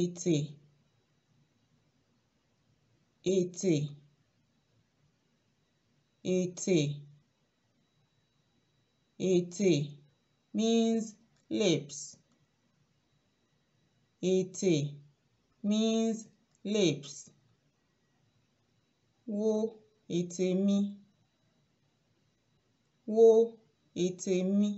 ètè ètè ètè ètè means lips ètè means lips wo ètè mi wo ètè mi